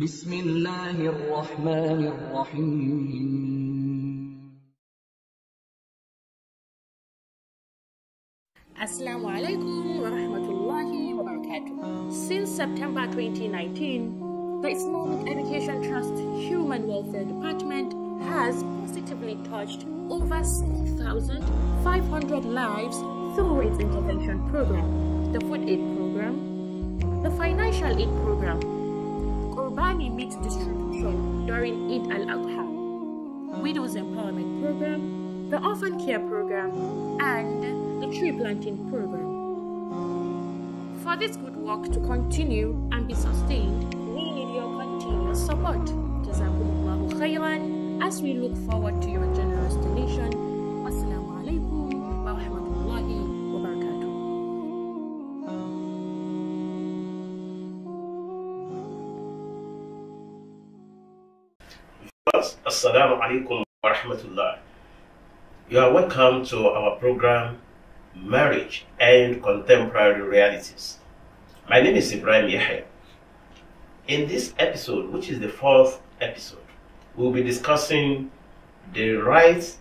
বিসমিল্লাহির রহমানির রহিম Assalamu alaikum wa rahmatullahi wa barakatuh. Since September 2019, the Islamic Education Trust Human Welfare Department has positively touched over 6,500 lives through its intervention program, the food aid program, the financial aid program, we Remit distribution during Eid al Adha, Widows Empowerment Program, the Orphan Care Program, and the Tree Planting Program. For this good work to continue and be sustained, we need your continuous support. Jazakumullahu khairan as we look forward to your generous donation viewers, Assalamu alaikum wa rahmatullah. You are welcome to our program Marriage and Contemporary Realities. My name is Ibrahim Yahya. In this episode, which is the fourth episode, we'll be discussing the rights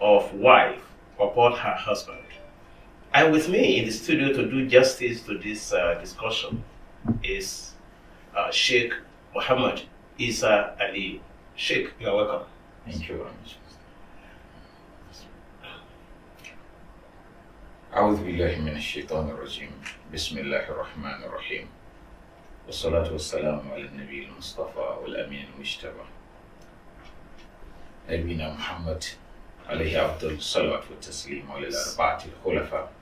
of wife upon her husband. And with me in the studio to do justice to this uh, discussion is uh, Sheikh Muhammad Isa Ali Sheikh, you are welcome. Thank you very much. أعوذ بالله من الشيطان الرجيم بسم الله الرحمن الرحيم والصلاة والسلام على النبي المصطفى والأمين المجتبى نبينا محمد عليه أفضل الصلاة والتسليم وعلى الأربعة الخلفاء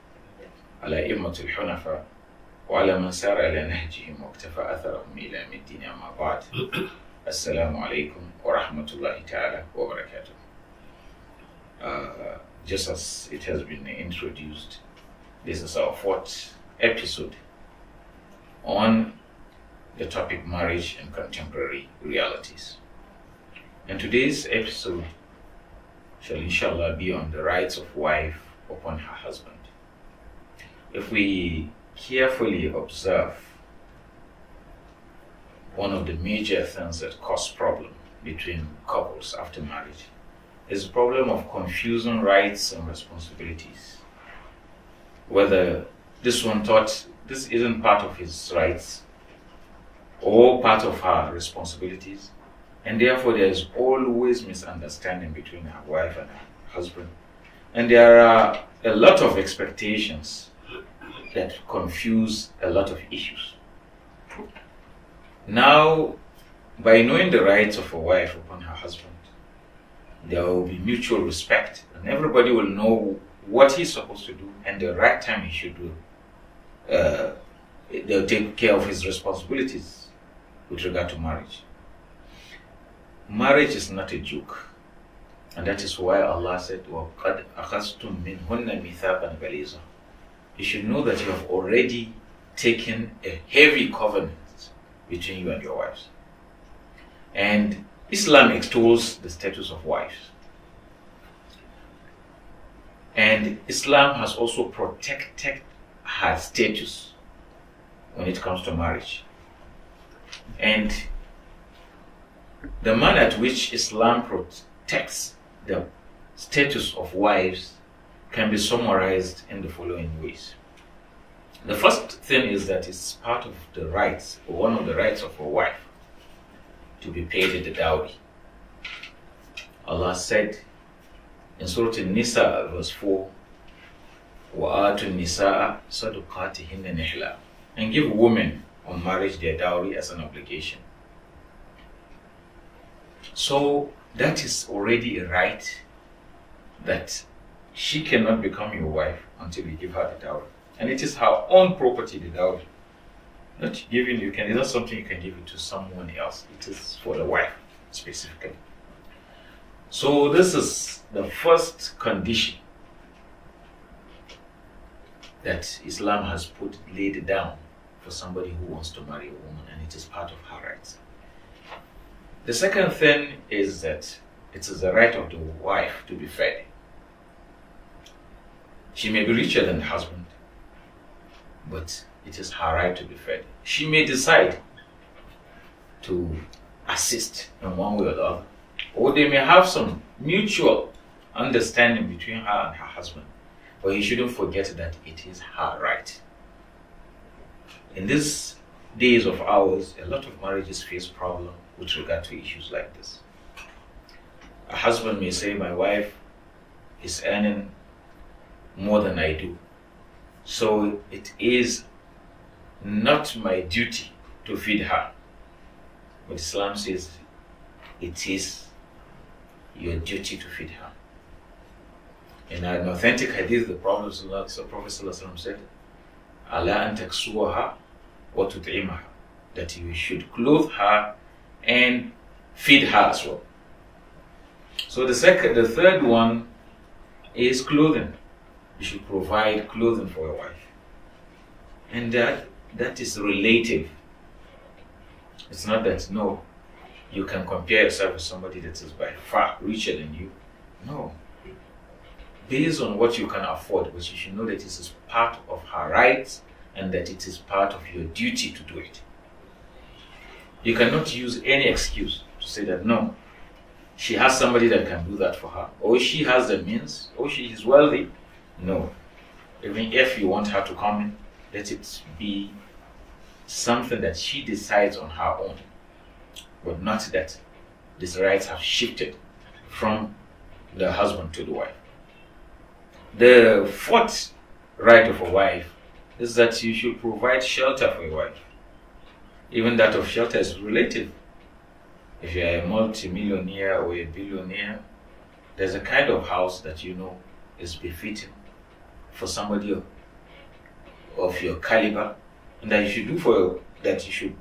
على إمة الحنفاء وعلى من سار على نهجهم واكتفى أثرهم إلى مدينة ما بعد Assalamu alaikum wa rahmatullahi ta'ala wa barakatuh. Uh, just as it has been introduced, this is our fourth episode on the topic marriage and contemporary realities. And today's episode shall inshallah be on the rights of wife upon her husband. If we carefully observe one of the major things that cause problem between couples after marriage is the problem of confusing rights and responsibilities. Whether this one thought this isn't part of his rights or part of her responsibilities, and therefore there is always misunderstanding between her wife and her husband. And there are a lot of expectations that confuse a lot of issues. Now, by knowing the rights of a wife upon her husband, there will be mutual respect and everybody will know what he's supposed to do and the right time he should do. Uh, they'll take care of his responsibilities with regard to marriage. Marriage is not a joke. And that is why Allah said, You should know that you have already taken a heavy covenant between you and your wives. And Islam extols the status of wives. And Islam has also protected her status when it comes to marriage. And the manner at which Islam protects the status of wives can be summarized in the following ways. The first thing is that it's part of the rights, or one of the rights of a wife, to be paid the dowry. Allah said in Surah Nisa, verse 4, وَآتُ النِّسَاءَ صَدُقَاتِهِنَّ نِحْلًا And give women on marriage their dowry as an obligation. So that is already a right that she cannot become your wife until you give her the dowry and it is her own property, without Not giving you can, it's not something you can give it to someone else. It is for the wife specifically. So this is the first condition that Islam has put laid down for somebody who wants to marry a woman and it is part of her rights. The second thing is that it is the right of the wife to be fed. She may be richer than the husband but it is her right to be fed. She may decide to assist in one way or the other, or they may have some mutual understanding between her and her husband. But you shouldn't forget that it is her right. In these days of ours, a lot of marriages face problems with regard to issues like this. A husband may say, My wife is earning more than I do so it is not my duty to feed her. But Islam says it is your duty to feed her. In an authentic hadith, the Prophet said, Allah an to wa tut'imaha. That you should clothe her and feed her as well. So the second, the third one is clothing you should provide clothing for your wife. And that that is relative. It's not that no, you can compare yourself with somebody that is by far richer than you. No. Based on what you can afford, but you should know that it is part of her rights and that it is part of your duty to do it. You cannot use any excuse to say that no, she has somebody that can do that for her, or she has the means, or she is wealthy, no. Even if you want her to come let it be something that she decides on her own, but not that these rights have shifted from the husband to the wife. The fourth right of a wife is that you should provide shelter for your wife. Even that of shelter is relative. If you are a multimillionaire or a billionaire, there's a kind of house that you know is befitting for somebody of, of your caliber and that you should do for that you should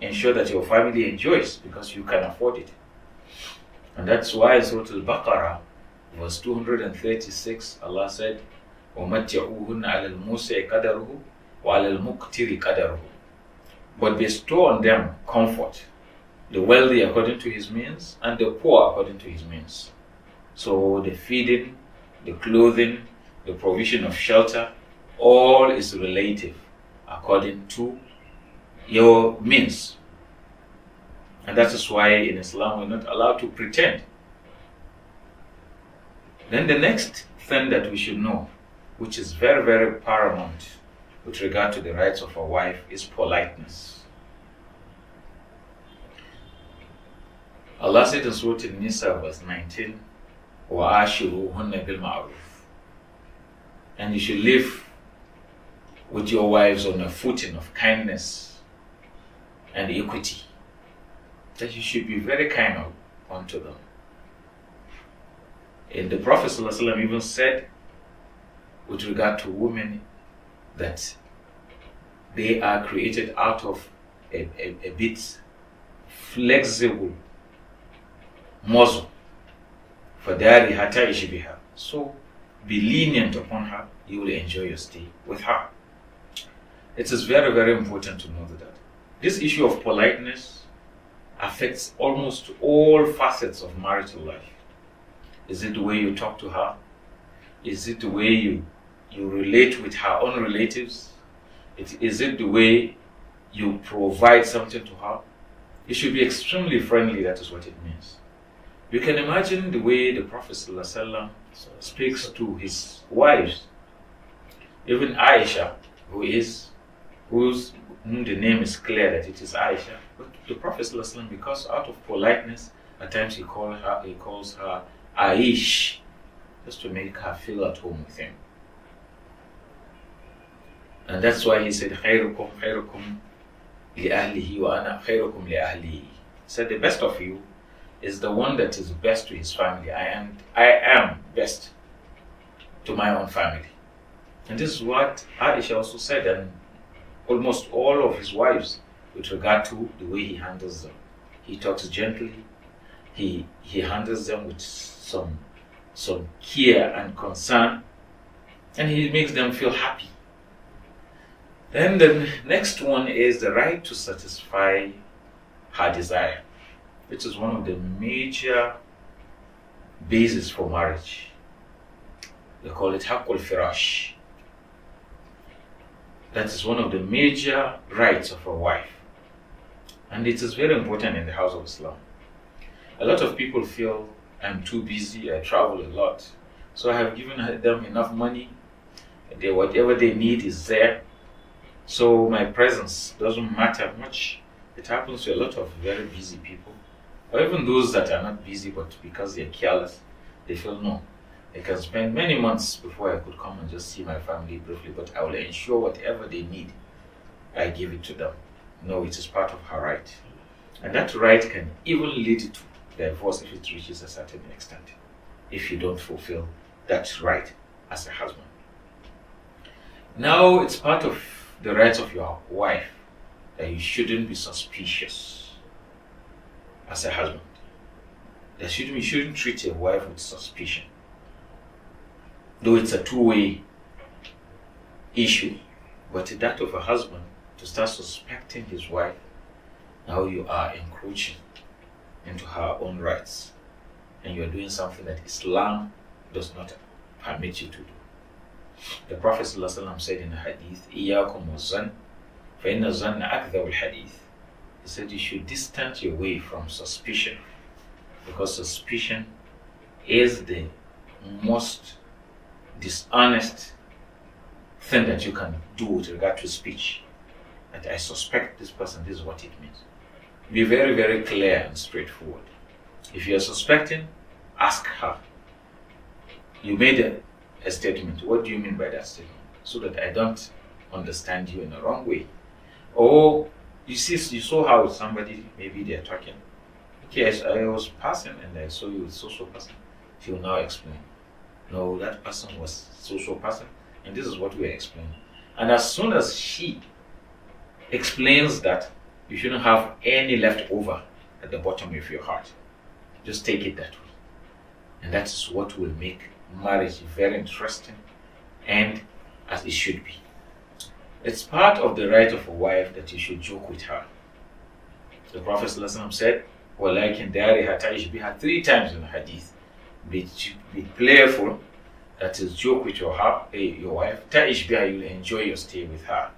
ensure that your family enjoys because you can afford it. And that's why Surah Al-Baqarah, verse 236, Allah said, وَمَتِّعُوهُنَّ عَلَى الْمُوسَى قَدَرُهُ وَعَلَى الْمُقْتِرِ قَدَرُهُ But bestow on them comfort, the wealthy according to his means, and the poor according to his means. So the feeding, the clothing, the provision of shelter, all is relative according to your means. And that is why in Islam we're not allowed to pretend. Then the next thing that we should know, which is very, very paramount with regard to the rights of a wife, is politeness. Allah said in Surah Nisa verse 19, وَآشِرُوهُنَّ بِالْمَعْرُوفِ and you should live with your wives on a footing of kindness and equity. That you should be very kind unto them. And the Prophet ﷺ even said, with regard to women, that they are created out of a, a, a bit flexible muscle. فَدَارِ be إِشْبِهَا So be lenient upon her, you will enjoy your stay with her. It is very, very important to know that this issue of politeness affects almost all facets of marital life. Is it the way you talk to her? Is it the way you, you relate with her own relatives? It, is it the way you provide something to her? You should be extremely friendly, that is what it means. You can imagine the way the Prophet speaks to his wives. Even Aisha, who is whose whom the name is clear that it is Aisha, but the Prophet because out of politeness, at times he calls her he calls her Aish, just to make her feel at home with him. And that's why he said, خيركم خيركم لأهله وأنا خيركم لأهلي. He said, the best of you is the one that is best to his family. I am, I am best to my own family. And this is what Aisha also said, and almost all of his wives, with regard to the way he handles them. He talks gently, he, he handles them with some, some care and concern, and he makes them feel happy. Then the next one is the right to satisfy her desire, which is one of the major basis for marriage. They call it Hakul Firash. That is one of the major rights of a wife. And it is very important in the house of Islam. A lot of people feel I'm too busy, I travel a lot. So I have given them enough money. They, whatever they need is there. So my presence doesn't matter much. It happens to a lot of very busy people. Or even those that are not busy, but because they're careless, they feel no. I can spend many months before I could come and just see my family briefly, but I will ensure whatever they need, I give it to them. No, it is part of her right. And that right can even lead to divorce if it reaches a certain extent, if you don't fulfill that right as a husband. Now, it's part of the rights of your wife that you shouldn't be suspicious as a husband. That shouldn't, you shouldn't treat a wife with suspicion. Though it's a two-way issue, but that of a husband to start suspecting his wife, now you are encroaching into her own rights. And you are doing something that Islam does not permit you to do. The Prophet ﷺ said in the hadith, إِيَّاكُمْ وَالزَّنْ فَإِنَّ الزَّنَّ أَكْذَوُ الْحَدِيثِ he said you should distance your way from suspicion because suspicion is the most dishonest thing that you can do with regard to speech. That I suspect this person, this is what it means. Be very, very clear and straightforward. If you are suspecting, ask her. You made a, a statement. What do you mean by that statement? So that I don't understand you in the wrong way. Or you see, you saw how somebody maybe they're talking. Yes, I, was passing and I saw you with social person. She will now explain. No, that person was social person, and this is what we are explaining. And as soon as she explains that, you shouldn't have any left over at the bottom of your heart. Just take it that way. And that is what will make marriage very interesting and as it should be. It's part of the right of a wife that you should joke with her. The Prophet said, وَلَكِنْ دَارِهَا Three times in the hadith. Be, be playful, that is, joke with your, eh, your wife. تَعِشْ بِهَا You'll enjoy your stay with her.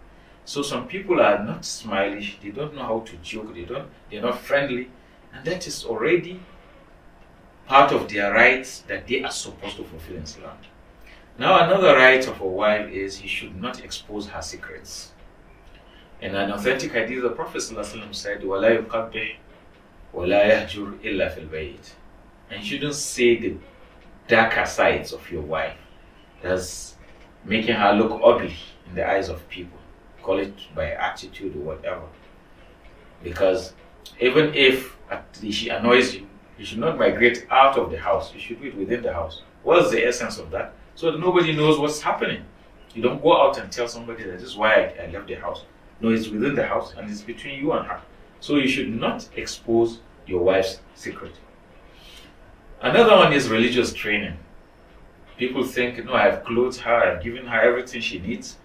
So some people are not smiley. they don't know how to joke, they don't, they're not friendly, and that is already part of their rights that they are supposed to fulfill in Islam. Now, another right of a wife is he should not expose her secrets. In an authentic hadith, the Prophet ﷺ said, وَلَا يُقَبِّهِ وَلَا يَهْجُرْ إِلَّا فِي الْبَيْتِ And you shouldn't say the darker sides of your wife. That's making her look ugly in the eyes of people. Call it by attitude or whatever. Because even if she annoys you, you should not migrate out of the house. You should do it within the house. What's the essence of that? So nobody knows what's happening. You don't go out and tell somebody that this is why I, I left the house. No, it's within the house and it's between you and her. So you should not expose your wife's secret. Another one is religious training. People think, no, I've clothed her, I've given her everything she needs.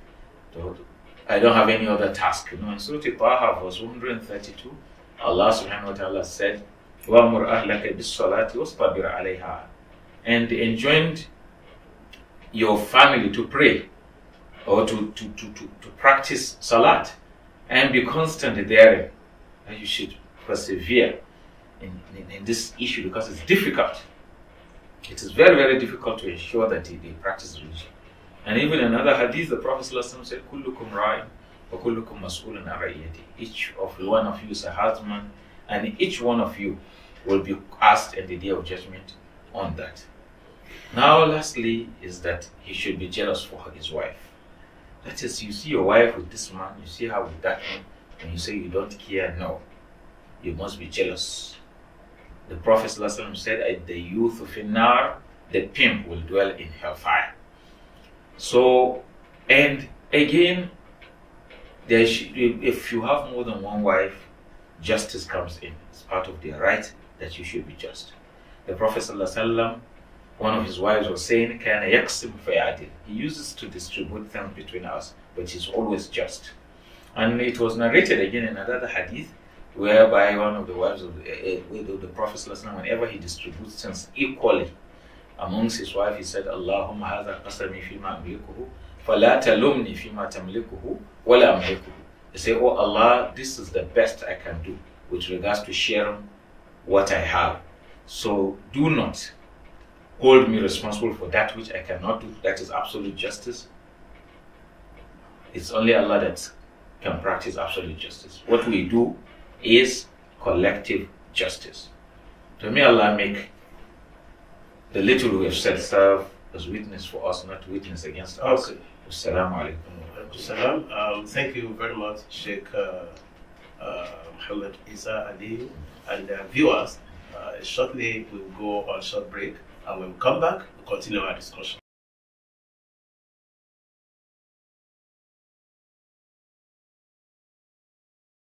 I don't have any other task. You know, in Surah Taha, verse 132, Allah subhanahu wa ta'ala said, وَأْمُرْ أَهْلَكَ بِالصَّلَاةِ وَاصْطَبِرْ عَلَيْهَا And enjoined your family to pray or to, to, to, to, to practice salat and be constant therein. And you should persevere in, in, in, this issue because it's difficult. It is very, very difficult to ensure that they, they practice religion. And even another hadith, the Prophet said, Kullukum ra'in wa kullukum mas'ulun Each of one of you is a husband, and each one of you will be asked in the day of judgment on that. Now, lastly, is that he should be jealous for his wife. That is, you see your wife with this man, you see her with that man, and you say you don't care. No, you must be jealous. The Prophet said, "At The youth of Inar, the pimp will dwell in hellfire. So, and again, there should, if you have more than one wife, justice comes in. It's part of their right that you should be just. The Prophet sallallahu one of his wives was saying, Kana yaksim He uses to distribute them between us, but he's always just. And it was narrated again in another hadith whereby one of the wives of the, uh, the Prophet, whenever he distributes things equally amongst his wife, he said, Allahumma hadha qasami fima amlikuhu, fala talumni fima tamlikuhu, wala amlikuhu. said, Oh Allah, this is the best I can do with regards to sharing what I have. So do not hold me responsible for that which I cannot do. That is absolute justice. It's only Allah that can practice absolute justice. What we do is collective justice. To may Allah make the little we have said serve as witness for us, not witness against us. Okay. Assalamu alaikum. Um, thank you very much, Sheikh uh, uh, Muhammad Isa Ali and uh, viewers. Uh, shortly, we'll go on short break. And when we come back, we'll continue our discussion.